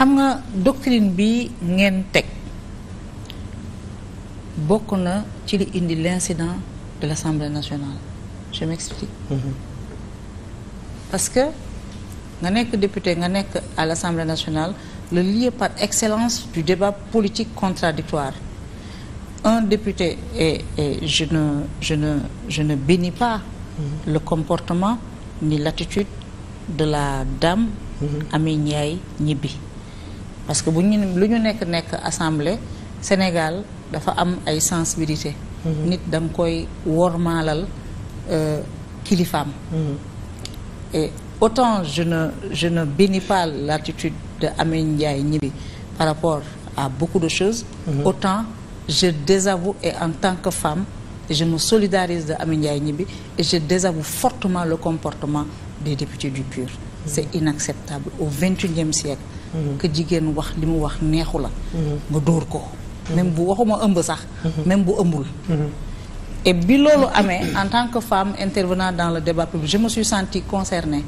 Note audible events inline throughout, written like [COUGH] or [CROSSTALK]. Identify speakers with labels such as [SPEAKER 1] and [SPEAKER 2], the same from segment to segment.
[SPEAKER 1] xam nga doctrine bi ngeen teg bokk na ci li indi l'incident de l'Assemblée nationale je m'explique mhm. parce que nga nekk député nga nekk à l'Assemblée nationale le lieu par excellence du débat politique contradictoire un député et et je ne je ne je pas mhm. le comportement ni l'attitude de la dame mhm. Amy Ndiaye Gniby parce que bu ñu lu ñu nekk nekk assemblée Sénégal dafa am ay sensibilité mhm. nit da koy wormaalal euh, kilifaam. Mhm. et autant je ne je ne bénis pas l'attitude de Amine Ndiaye Gniby par rapport à beaucoup de choses. Mm -hmm. autant je désavoue et en tant que femme je me solidarise de Amine Ndiaye Gniby et je désavoue fortement le comportement des députés du PUR. Mm -hmm. c'est inacceptable au vingt-et-unième siècle. Mm-hmm. que jigéen wax li mu wax neexu la nga mm-hmm. dóor ko mm-hmm. même bu waxuma ëmb sax même bu ëmbul et bi loolu amee en tant que femme intervenant dans le débat public je me suis concerné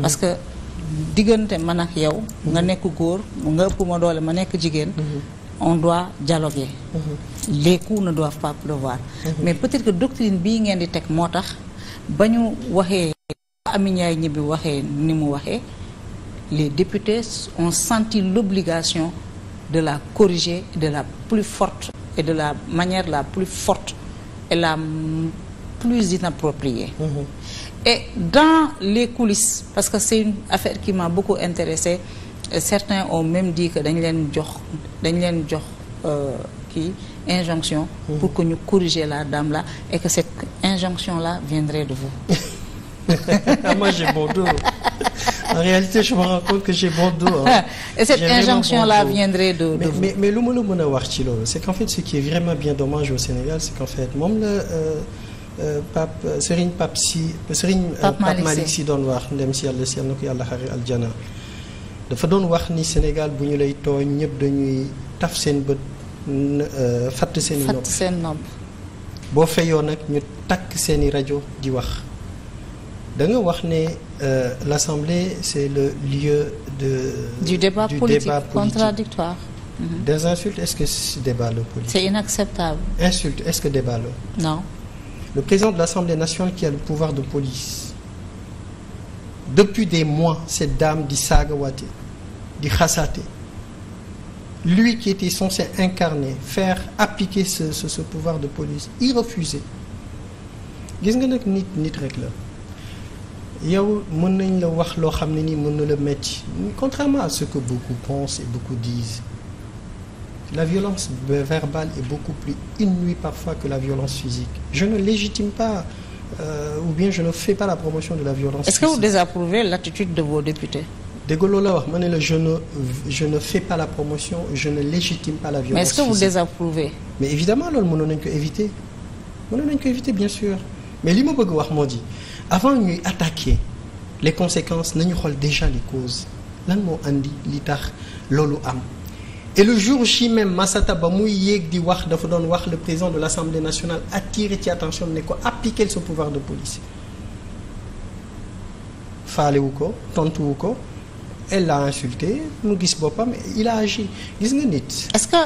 [SPEAKER 1] parce que diggante man ak yow nga nekk góor nga ëpp ma doole ma nekk jigéen on doit dialoguer les na ne doivent pas pleuvoir mais peut-être que doctrine bi ngeen di teg moo tax ba ñu waxee Amy Ndiaye Gniby waxee ni mu waxee les députés ont senti l'obligation de la corriger de la plus forte et de la manière la plus forte et la plus inappropriée. Mmh. Et dans les coulisses, parce que c'est une affaire qui m'a beaucoup intéressé certains ont même dit que dañ leen jox dañ leen jox euh, kii injonction mm-hmm. pour que ñu corriger la dame là et que cette injonction là viendrait de vous. [LAUGHS]
[SPEAKER 2] Ah, moi j'ai bon dos. [LAUGHS] En réalité je me rends compte [LAUGHS] mais mais lu ma a mën a wax ci loolu c'est qu'en fait ce qui est vraiment bien dommage Sénégal c'est qu'en fait moom la euh, euh, Pape euh, Serigne Pape si Serigne. Pape Malick si doon wax ndem si yàlla si yàlla na ko yàlla dafa doon wax ni Sénégal bu ñu lay tooñ ñëpp dañuy taf seen bët fatt seen i nopp seen nopp. boo fayoo nag ñu takk seeni rajo di wax da wax ne. euh, l'Assemblée, c'est le lieu de, du débat du politique débat politique.
[SPEAKER 1] contradictoire. Mm -hmm.
[SPEAKER 2] Des insultes, est-ce que c'est débat le politique C'est
[SPEAKER 1] inacceptable.
[SPEAKER 2] Insultes, est-ce que débat le Non. Le président de l'Assemblée nationale qui a le pouvoir de police, depuis des mois, cette dame dit Sagawate, dit Khassate, lui qui était censé incarner, faire appliquer ce, ce, ce pouvoir de police, il refusait. Gis nga nag nit nit rek la yow mën nañ la wax loo xam ne nii mën na la metti contrairement à ce que beaucoup pensent et beaucoup disent la violence verbale est beaucoup plus inouïe parfois que la violence physique je ne légitime pas euh, ou bien je ne fais pas la promotion de la violence
[SPEAKER 1] est-ce physique. que l'attitude de vos députés
[SPEAKER 2] dégg nga la wax ma que mënoon nañ ko éviter mënoon nañ ko éviter bien sûr mais li ma bëgg wax moo di avant ñuy attaquer les conséquences nañu xool déjà les causes lan moo andi li tax loolu am et le jour J même Massata ba muy yéeg di wax dafa doon wax le président de l'Assemblée nationale attiré ci attention ne ko appliquer ce pouvoir de police faalewu ko tontuwu ko elle l'a insulté mu gis boppam
[SPEAKER 1] il a agi gis nga nit. est-ce que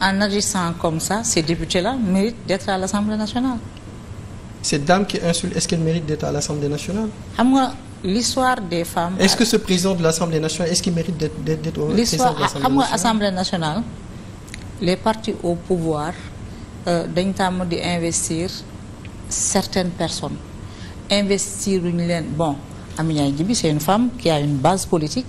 [SPEAKER 1] en agissant comme ça ces députés-là méritent d'être à l'Assemblée nationale.
[SPEAKER 2] cette dame qui insulte est-ce d'être à l'Assemblée nationale
[SPEAKER 1] xam nga l'histoire des femmes est-ce que
[SPEAKER 2] ce président de l'Assemblée nationale est-ce qu'il mérite d'être d'être au ah,
[SPEAKER 1] les partis au pouvoir euh, dañ tàmm di investir certaines personnes investir ñu leen bon Aminata Gniby c'est une femme qui a une base politique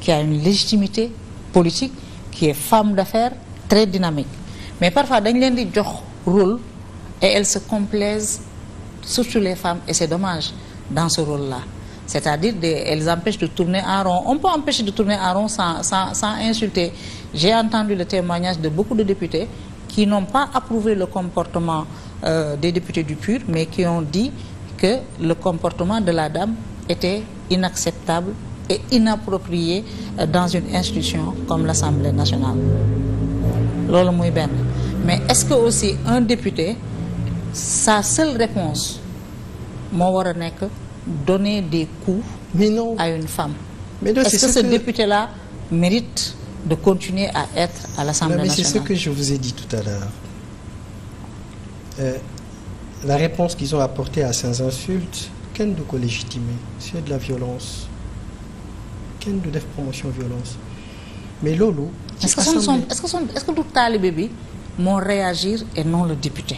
[SPEAKER 1] qui a une légitimité politique qui est femme d'affaires très dynamique mais parfois dañ leen di jox rôle et elle se complaise surtout les femmes et c'est dommage dans ce rôle-là c'est-à-dire des elles empêchent de tourner en rond on peut empêcher de tourner en rond sans sans sans insulter j'ai entendu le témoignage de beaucoup de députés qui n'ont pas approuvé le comportement euh, des députés du PUR mais qui ont dit que le comportement de la dame était inacceptable et inapproprié euh, dans une institution comme l'Assemblée nationale loolu muy benn mais est-ce que aussi un député sa seule réponse moo war a nekk donner des coups mais à une femme mais non, est-ce que ce député là mérite de continuer à être à l'Assemblée nationale mais c'est ce que je vous ai dit tout à l'heure
[SPEAKER 2] euh, la réponse qu'ils ont apportée à ces insultes kenn du ko légitimer
[SPEAKER 1] c'est de la violence kenn du def promotion violence mais loolu est-ce que son est-ce que son est bi moo réagir et non le
[SPEAKER 2] député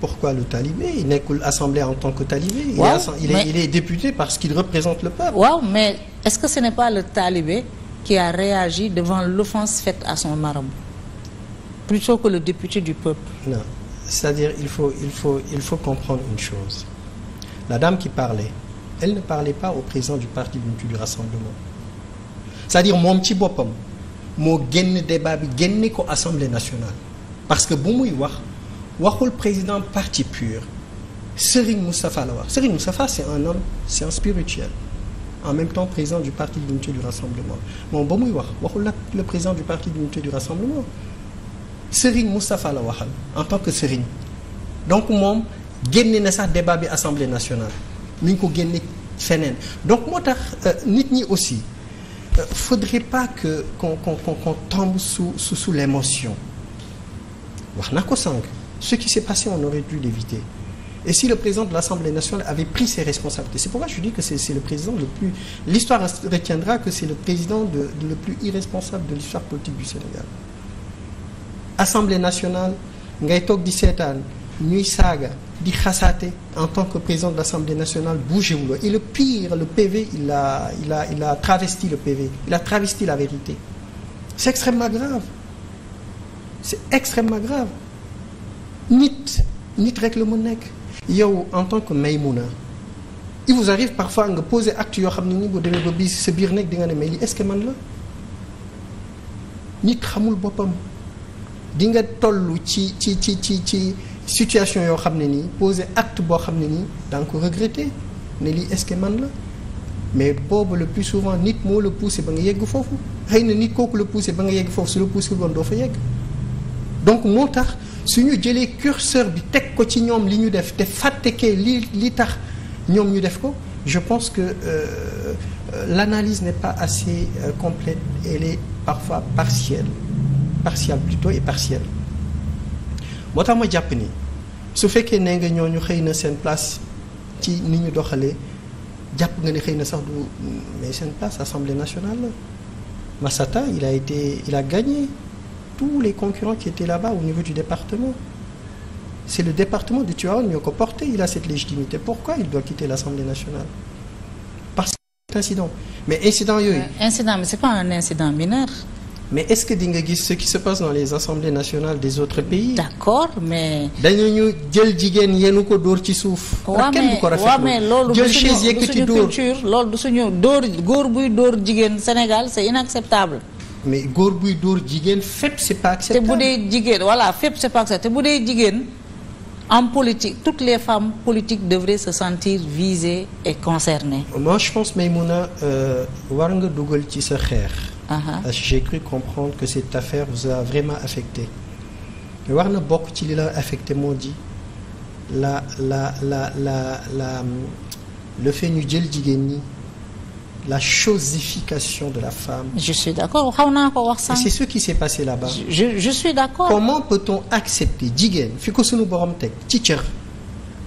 [SPEAKER 2] pourquoi le talibé il nekkul assemblée en tant que talibé. il waaw, est il est, mais, il député parce qu'il représente le peuple.
[SPEAKER 1] waaw mais est-ce que ce n'est pas le talibé qui a réagi devant l'offense faite à son marabout plutôt que le député du peuple.
[SPEAKER 2] non c'est-à-dire il faut il faut il faut comprendre une chose la dame qui parlait elle ne parlait pas au président du parti du rassemblement c'est-à-dire moom ci boppam moo génn débat bi génne ko assemblée nationale parce que bu waxul président parti pur Serigne Moustapha la wax Serigne Moustapha c'est un homme c'est un spirituel en même temps président du parti de l'unité du rassemblement moom ba muy wax waxul nag le président du parti de l'unité du rassemblement Serigne Moustapha la waxal en tant que Serigne donc moom génne na sax débat bi assemblée nationale mi ngi ko génne feneen donc moo tax euh, nit ñi aussi euh, faudrait pas que qu'on qu'on qu'on tombe sous sous l'émotion wax na ko sànq Ce qui s'est passé, on aurait dû l'éviter. Et si le président de l'Assemblée nationale avait pris ses responsabilités, c'est pourquoi je dis que c'est le président le plus... L'histoire retiendra que c'est le président de, de, le plus irresponsable de l'histoire politique du Sénégal. Assemblée nationale, ngay toog di seetaan ñuy saaga di xasaate en tant que président de l'Assemblée nationale bougewuloo et le pire le PV il a il a il a travesti le PV il a travesti la vérité c'est extrêmement grave c'est extrêmement grave nit nit rek la mën nekk. yow en tant que may Maïmouna il vous arrive parfois nga poser acte yoo xam ne ni boo demee ba bii sa biir nekk dinga ne mais lii est-ce que man la nit xamul boppam di nga toll ci ci ci ci ci situation yoo xam ne nii poser acte boo xam ne nii da ko regretter ne lii est-ce que man la mais boobu le plus souvent nit moo la poussé ba nga yegg foofu xëy na nit kooku la poussé ba nga yegg foofu su la poussé woon doo fa yegg donc moo tax. su ñu jëlee curseur bi teg ko ci ñoom li ñu def te fàttekee li li tax ñoom ñu def ko je pense que euh, euh l'analyse ne pas assez euh, complète elle est parfois partielle partielle et partielle moo tax ma jàpp ni su fekkee ne nga ñu xëy na seen place ci ni ñu doxalee jàpp nga ne xëy na sax du mais seen place Assemblée nationale la Massata il a été il a gagné tous les concurrents qui étaient là-bas au niveau du département. C'est le département de Tuaon Nyoko porté, il a cette légitimité. Pourquoi il doit quitter l'Assemblée nationale Parce que c'est Mais incident, oui. Euh,
[SPEAKER 1] incident, mais ce n'est pas un incident
[SPEAKER 2] mineur. mais est que di nga gis ce qui se passe dans les assemblées nationales des autres pays. d'accord mais. dañu ñu jël jigéen yenu ko dóor ci suuf. waaw kenn du ko rafetlu jël chaise yëkkati dóor
[SPEAKER 1] loolu du suñu góor buy dóor jigéen Sénégal c'est mais góor buy dóor jigéen fépp c'est pas acceptable. te bu dee jigéen voilà fépp c'est pas acceptable te bu dee jigéen en politique toutes les femmes politiques devraient se sentir visées et concernées.
[SPEAKER 2] moi je pense Maïmouna euh, war nga dugal ci sa xeex. j'ai cru comprendre que cette affaire vraiment affecté mais war na bokk ci li la affecté moo di la la la la la le fait ñu jël jigéen ñi. la chosification de la femme.
[SPEAKER 1] naa ko wax sànq. c'est ce
[SPEAKER 2] qui s'est passé là-bas. je je suis comment peut-on accepter jigéen fi ko sunu borom teg ci cër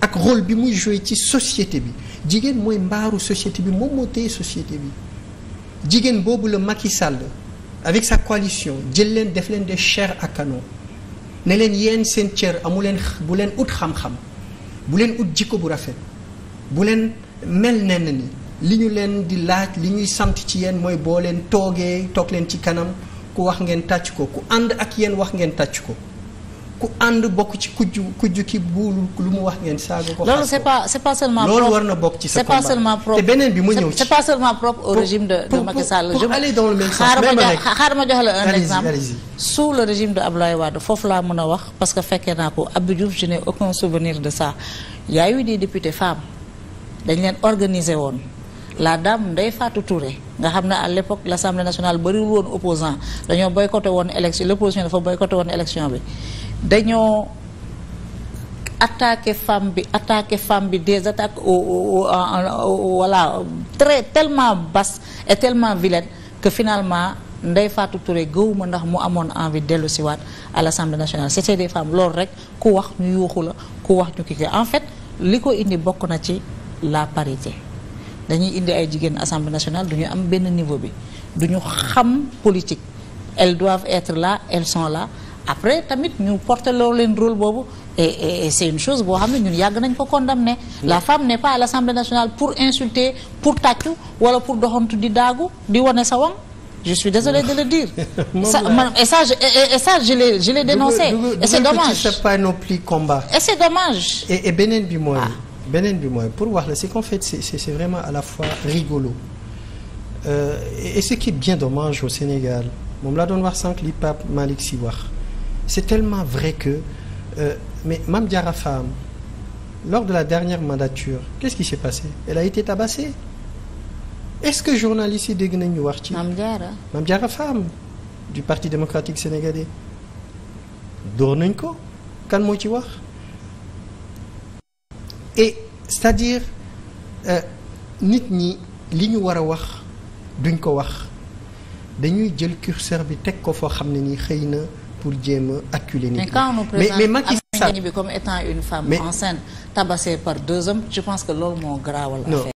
[SPEAKER 2] ak rôle bi muy joué ci société bi jigéen mooy mbaaru société bi moom moo téye société bi jigéen boobu la Macky Sall avec sa coalition jël leen def leen des chairs ak ano ne leen yéen seen cër amuleen bu leen ut xam bu leen ut jikko bu rafet bu leen mel nenn ni. li ñu leen di laaj li ñuy sant ci yéen mooy boo leen toogee toog leen ci kanam ku wax ngeen tàcc ko ku ànd ak yéen wax ngeen tàcc ko ku ànd bokk ci kujj kujj ki buur lu mu wax ngeen saaga ko. loolu c'est
[SPEAKER 1] pas c'est pas seulement propre loolu war na bokk ci sa combat c'est pas te beneen bi mu ñëw ci c'est pas seulement propre le même sens même rek xaaral ma jox la un exemple sous le régime de Abdoulaye Wade foofu laa mën a wax parce que fekkee naa ko Abdou Diouf je n'ai aucun souvenir de ça y a eu des députés femmes dañ leen organiser woon. la dame Ndeye Fatou toure nga xam ne à l'époque l'Assemblée nationale bariwul woon opposant dañoo boycotté woon élection l'opposition dafa boycotté woon élection bi dañoo attaqué femme bi attaqué femme bi des attaques au voilà très tellement basse et tellement vilaine que finalement Ndeye Fatou Touré gëwuma ndax mu amoon envie dellu siwaat à l'Assemblée nationale c'était des femmes loolu rek ku wax ñu yuuxu la ku wax ñu kii en fait li ko indi bokk na ci la parité dañuy indi ay jigéen assemblée nationale du ñu am benn niveau bi du ñu xam politique elles doivent être là elles sont là après tamit ñu porter loo leen rôle boobu et et c'est une chose boo xam ne ñun yàgg nañ ko condamner la femme n'est pas à l'Assemblée nationale pour insulter pour tàccu wala pour doxantu di daagu di wane sa wang je suis désolé de le dire. [LAUGHS] ça man et ça je et, et ça je l'ai je l'ai et c'est dommage. c'est pas non
[SPEAKER 2] et c'est dommage. et et bi mooy. Ah. beneen bi mooy pour wax la c'est qu'en fait c'est vraiment à la fois rigolo euh, et, et ce qui est bien dommage au Sénégal moom laa doon wax sànq li Pape Malick Sy wax c'est tellement vrai que euh, mais Mame Diarra Fam lors de la dernière mandature qu'est-ce qui s'est passé elle a été tabassée est-ce que journalistes yi dégg nañu wax ci Mame Diarra Mame Diarra Fam du Parti démocratique sénégalais door nañ ko kan moo ci wax et c'est-à-dire euh, nit ñi li ñu war a wax duñ ko wax dañuy jël curseur bi teg ko foo xam ne nii xëy na pour jéem a acculer nit ñi. mais quand
[SPEAKER 1] on présente mais Macky Sall bi comme étant une femme enceinte tabassée par deux hommes je pense que loolu moo graawal affaire